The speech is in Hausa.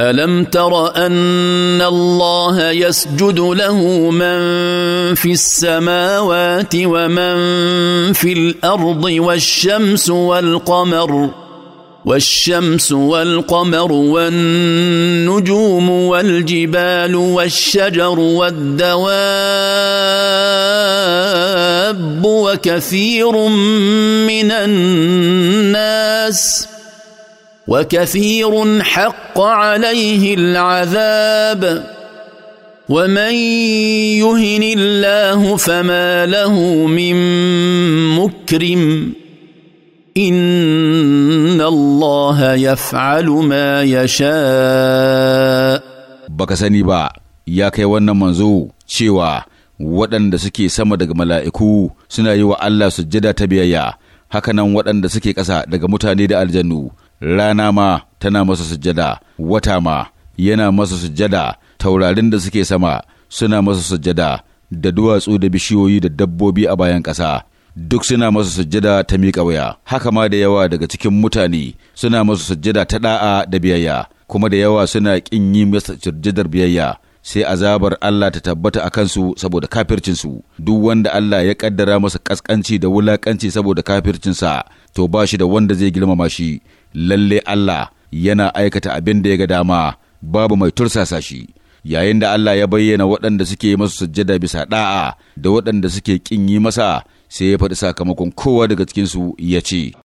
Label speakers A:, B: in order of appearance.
A: الم تر ان الله يسجد له من في السماوات ومن في الارض والشمس والقمر والشمس والقمر والنجوم والجبال والشجر والدواب وكثير من الناس وكثير حق عليه العذاب ومن يهن الله فما له من مكرم ان الله يفعل ما
B: يشاء baka sani ba ya kai wannan manzo cewa waɗanda suke sama daga mala'iku suna yi wa Allah sujjada ta biyayya hakanan waɗanda suke ƙasa daga mutane da aljannu rana ma tana masa sujjada wata ma yana masa sujjada taurarin da suke sama suna masa sujjada da duwatsu da bishiyoyi da dabbobi a bayan ƙasa duk suna masa sujjada ta miƙa wuya haka ma da yawa daga cikin mutane suna masa sujjada ta ɗa'a da biyayya kuma da yawa suna ƙin yi masa sujjadar biyayya sai azabar Allah ta tabbata a kansu saboda kafircinsu duk wanda Allah ya kaddara masa kaskanci da wulakanci saboda kafircinsa to ba shi da wanda zai girmama shi lalle Allah yana aikata abin da ya ga dama babu mai tursasa shi yayin da Allah ya bayyana waɗanda suke masa sujjada bisa da'a da waɗanda suke kin yi masa sai ya faɗi sakamakon kowa daga cikinsu ya ce